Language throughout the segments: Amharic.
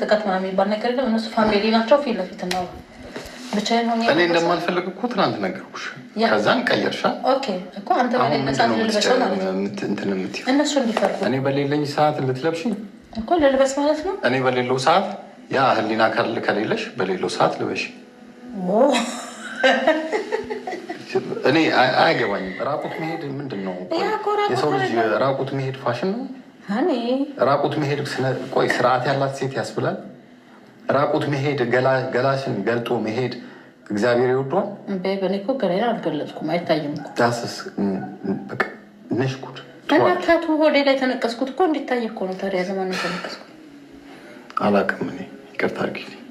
ጥቃት ምናምን የሚባል ነገር የለም። እነሱ ፋሚሊ ናቸው። ፊት ለፊት ነው። ብቻዬን ሆኜ እኔ እንደማልፈልግ እኮ ትናንት ነገርኩሽ። ከዛን ቀየርሻ። እነሱ እኔ በሌለኝ ሰዓት ልትለብሽ እኮ ልልበስ ማለት ነው። እኔ በሌለው ሰዓት ያ ህሊና ካል ከሌለሽ በሌለው ሰዓት ልበሽ። እኔ አያገባኝም። ራቁት መሄድ ምንድን ነው? የሰው ልጅ ራቁት መሄድ ፋሽን ነው። ራቁት መሄድ ቆይ ስርዓት ያላት ሴት ያስብላል። ራቁት መሄድ ገላሽን ገልጦ መሄድ እግዚአብሔር ይወዷል። በእኔ እኮ ገላዬን አልገለጽኩም፣ አይታይም። ዳስስ ነሽኩት ጉድ ሆዴ ላይ ተነቀስኩት እኮ እንዲታይ እኮ ነው። ታዲያ ዘማን የተነቀስኩት አላውቅም። እኔ ይቅርታ አድርጊልኝ።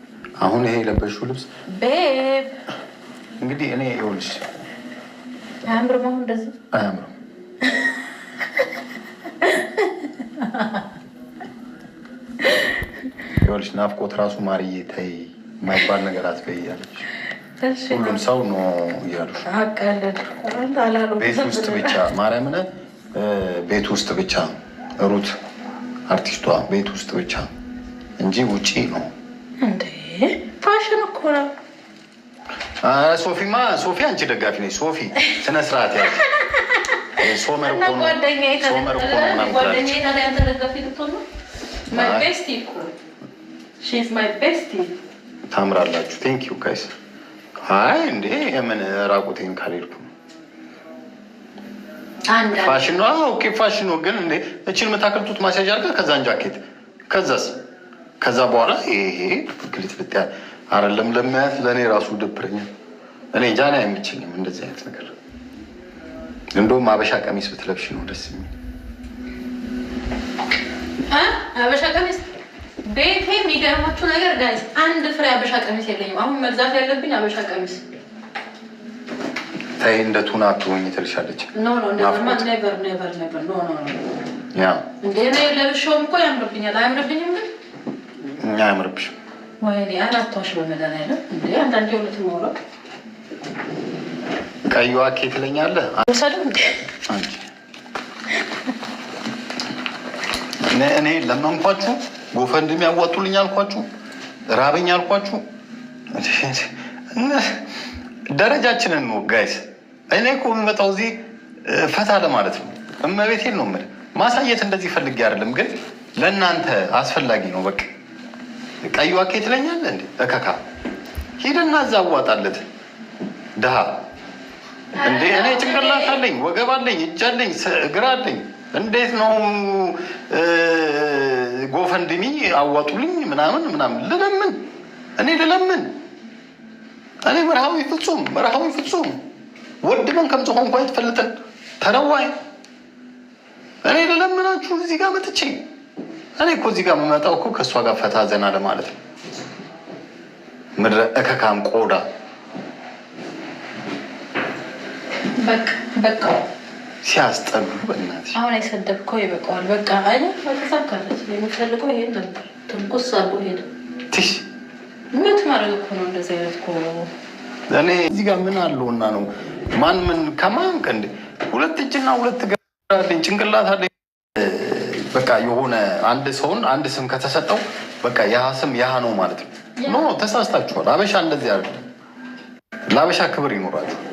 አሁን ይሄ የለበሽው ልብስ ቤብ እንግዲህ እኔ ይኸውልሽ አያምርም። አሁን እንደዚህ አያምርም። ይኸውልሽ ናፍቆት ራሱ ማርዬ ተይ የማይባል ነገር አትበያለች። ሁሉም ሰው ኖ እያሉሽ ቤት ውስጥ ብቻ ማርያምን ቤት ውስጥ ብቻ ሩት አርቲስቷ ቤት ውስጥ ብቻ እንጂ ውጪ ነው እንዴ? ፋሽን እኮ ነው። ሶፊማ ሶፊ አንቺ ደጋፊ ነች። ሶፊ ስነ ስርዓት ያለ ሶመር እኮ ነው። ሶመር እኮ ነው ታምራላችሁ። ቴንክ ዩ ጋይስ። አይ እንዴ የምን ራቁቴን ካልሄድኩ ፋሽን ነው። ኦኬ ፋሽን ነው። ግን እንዴ እችን የምታክልቱት ማስያዣ አድርጋ ከዛን ጃኬት ከዛስ ከዛ በኋላ ይሄ ግልጥልጥ ያ አይደለም ለማያት ለእኔ ራሱ ደብረኛል። እኔ ጃና አይመቸኝም እንደዚህ አይነት ነገር። እንደውም አበሻ ቀሚስ ብትለብሽ ነው ደስ የሚል ቤቴ የሚገርማችሁ ነገር ጋይስ አንድ ፍሬ አበሻ ቀሚስ የለኝም። አሁን መግዛት ያለብኝ አበሻ ቀሚስ። ተይ እንደ ቱና አትሆኝ ትልሻለች። ኖ ኖ እንደዚያማ ኔቨር ኔቨር ኔቨር ኖ ኖ ያ እንደ እኔ ለብሼውም እኮ ያምርብኛል። አያምርብኝም ግን እኛ አያምርብሽም። ወይኔ አራቷሽ በመድኃኒዓለም እንደ አንዳንዴ እውነት የማወራው ቀይዋ ኬት ትለኛለህ። አልወሰድም እንደ አንቺ እኔ ለመንኳቸው ጎፈንድ የሚያዋጡልኝ አልኳችሁ፣ ራበኝ አልኳችሁ። ደረጃችንን ነው ጋይስ። እኔ እኮ የምመጣው እዚህ ፈታ ለማለት ነው። እመቤቴን ነው የምልህ። ማሳየት እንደዚህ ፈልጌ አይደለም፣ ግን ለእናንተ አስፈላጊ ነው። በቃ ቀዩ አኬ ትለኛለ እንዴ? እከካ ሂድና እዛ አዋጣለት ድሃ እንዴ። እኔ ጭንቅላት አለኝ፣ ወገብ አለኝ፣ እጅ አለኝ፣ እግር አለኝ። እንዴት ነው ጎፈንድሚ አዋጡልኝ ምናምን ምናምን ልለምን እኔ ልለምን እኔ መርሃዊ ፍጹም መርሃዊ ፍጹም ወድመን ከምዝሆን ኳ ትፈልጠን ተነዋይ እኔ ልለምናችሁ እዚህ ጋር መጥቼ እኔ እኮ እዚህ ጋር የምመጣው እኮ ከእሷ ጋር ፈታ ዘና ለማለት ነው። ምድረ እከካም ቆዳ በቃ በቃ ሲያስጠሉ በእናትሽ አሁን አይሰደብከው ይበቃዋል። በቃ አይ ተሳካለች። የምፈልገው ይሄን ነበር። ትንቁስ አሉ ሄደ ትሽ ምት ማድረግ እኮ ነው። እንደዚህ አይነት እኮ እኔ እዚህ ጋር ምን አለውና ነው ማን ምን ከማን ከእንደ ሁለት እጅና ሁለት ገለኝ ጭንቅላት አለ። በቃ የሆነ አንድ ሰውን አንድ ስም ከተሰጠው በቃ ያ ስም ያህ ነው ማለት ነው። ኖ ተሳስታችኋል። አበሻ እንደዚህ አለ። ለአበሻ ክብር ይኖራችሁ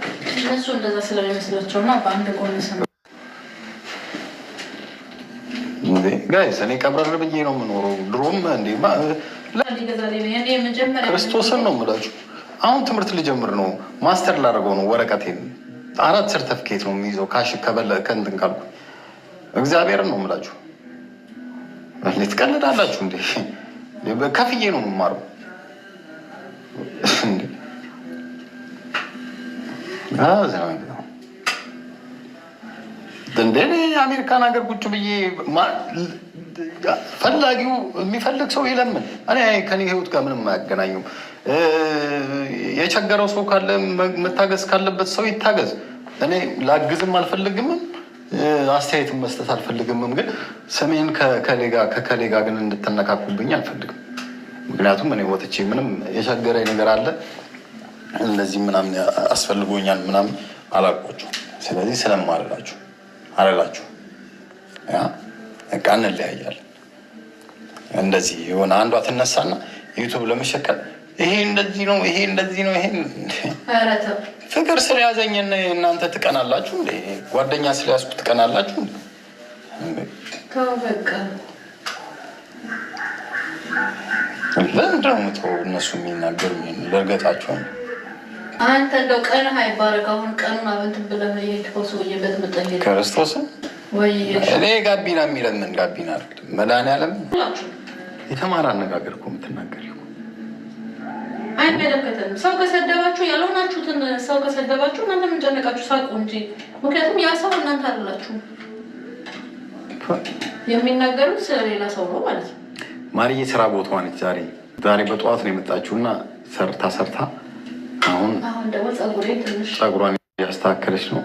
ለሱ እንደዛ ስለሚመስላቸው እና በአንድ ጎን ስነ ጋይስ እኔ ቀብረር ብዬ ነው የምኖረው። ድሮም ክርስቶስን ነው የምላችሁ። አሁን ትምህርት ልጀምር ነው፣ ማስተር ላደርገው ነው። ወረቀቴን አራት ሰርተፍኬት ነው የሚይዘው ካሽ ከበለ ከንትን ካልኩ እግዚአብሔርን ነው የምላችሁ። ትቀልዳላችሁ እንዴ? ከፍዬ ነው የምማረው እንደ እኔ ሀገር ቁጭ ብዬ ፈላጊው የሚፈልግ ሰው ይለምን እኔ ከኔ ህይወት ጋር ምንም አያገናኙም። የቸገረው ሰው ካለ መታገዝ ካለበት ሰው ይታገዝ። እኔ ላግዝም አልፈልግምም፣ አስተያየትም መስጠት አልፈልግምም። ግን ስሜን ከከሌ ጋር ግን እንድትነካኩብኝ አልፈልግም። ምክንያቱም እኔ ወጥቼ ምንም የቸገረኝ ነገር አለ እንደዚህ ምናምን አስፈልጎኛል ምናምን አላቆቸው። ስለዚህ ስለማልላችሁ አልላችሁ በቃ እንለያያለን። እንደዚህ የሆነ አንዷ ትነሳና ዩቱብ ለመሸከል ይሄ እንደዚህ ነው፣ ይሄ እንደዚህ ነው። ይሄ ፍቅር ስለያዘኝ እናንተ ትቀናላችሁ ጓደኛ ስለያዝኩ ትቀናላችሁ ለምንድን ነው እነሱ የሚናገሩ ለእርገጣቸው አንተ እንደው ቀንህ አይባረክ። አሁን ቀኑን አበንትን ብለህ የሄድከው ሰውዬ በትምጠሄ ክርስቶስ እኔ ጋቢና የሚለምን ጋቢና መድኃኒዓለም የተማረ አነጋገር እኮ የምትናገር አይመለከተንም። ሰው ከሰደባችሁ ያልሆናችሁትን ሰው ከሰደባችሁ እናንተ ጨነቃችሁ ሳቁ እንጂ ምክንያቱም ያ ሰው እናንተ አላችሁ የሚናገሩት ስለሌላ ሰው ነው ማለት ነው። ማርዬ ስራ ቦታዋ ነች። ዛሬ ዛሬ በጠዋት ነው የመጣችሁና ሰርታ ሰርታ አሁን ጸጉሯን እያስተካከለች ነው።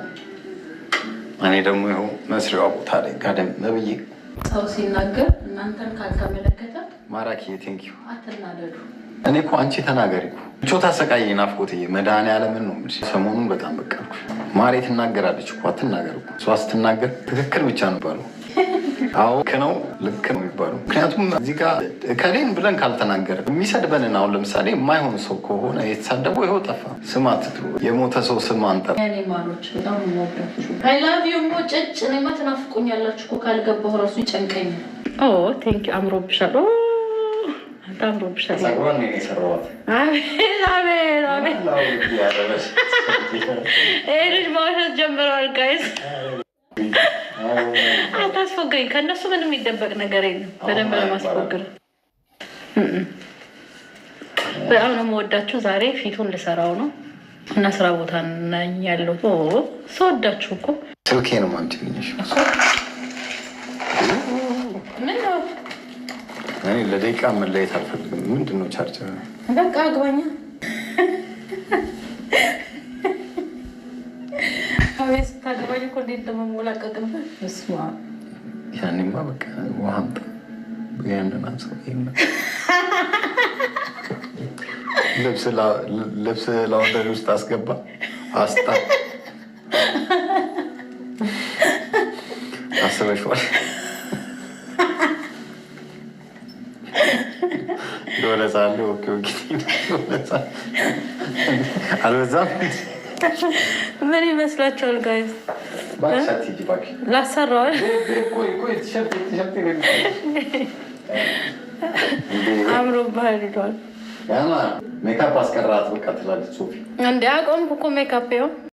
እኔ ደግሞ ይኸው መስሪዋ ቦታ ላይ ጋደም ብዬ ሰው ሲናገር እናንተን ካልተመለከተ ማራኪ ቴንክ ዩ አትናደዱ። እኔ እኮ አንቺ ተናገሪ ብቻ ታሰቃየኝ። ናፍቆትዬ መድኃኒዓለምን ነው የምልሽ። ሰሞኑን በጣም በቃ ማሬ ትናገራለች እኮ አትናገር። እሷ ስትናገር ትክክል ብቻ ነው ባለው አዎ ነው ልክ ነው የሚባሉ ምክንያቱም እዚህ ጋር ከሌን ብለን ካልተናገረ የሚሰድበንን አሁን ለምሳሌ የማይሆን ሰው ከሆነ የተሳደበው ይኸው ጠፋ። ስም አትጥሩ፣ የሞተ ሰው ስም አንጠር። ላቪሞ ጭጭ ማ ትናፍቁኛላችሁ። ካልገባሁ ራሱ ይጨንቀኛል። ቴንክ አምሮብሻል ጀምረዋል ጋይስ አስወገኝ። ከእነሱ ምንም የሚደበቅ ነገር የለም። በደንብ ለማስወገድ በጣም ነው የምወዳችሁ። ዛሬ ፊቱን ልሰራው ነው እና ስራ ቦታ ነኝ ያለው ሰወዳችሁ እኮ ስልኬ ነው ማንት ማምት ለደቂቃ መለየት አልፈልግም። ምንድን ነው ቻርጅ በቃ አግባኛ ስታገባኝ እኮ እንዴት እንደመሞላቀቅበት ስማ ያኔማ በቃ ውሃም ልብስ ላውንደሪ ውስጥ አስገባ አስጣ አስበሽዋል። አልበዛም? ምን ይመስላችኋል ጋይዝ? ላሰራዋል አምሮብሃል ይሏል። ሜካፕ አስቀራት በቃ ትላለች ሶፊ። እንደ አቆምኩ እኮ ሜካፕ ይኸው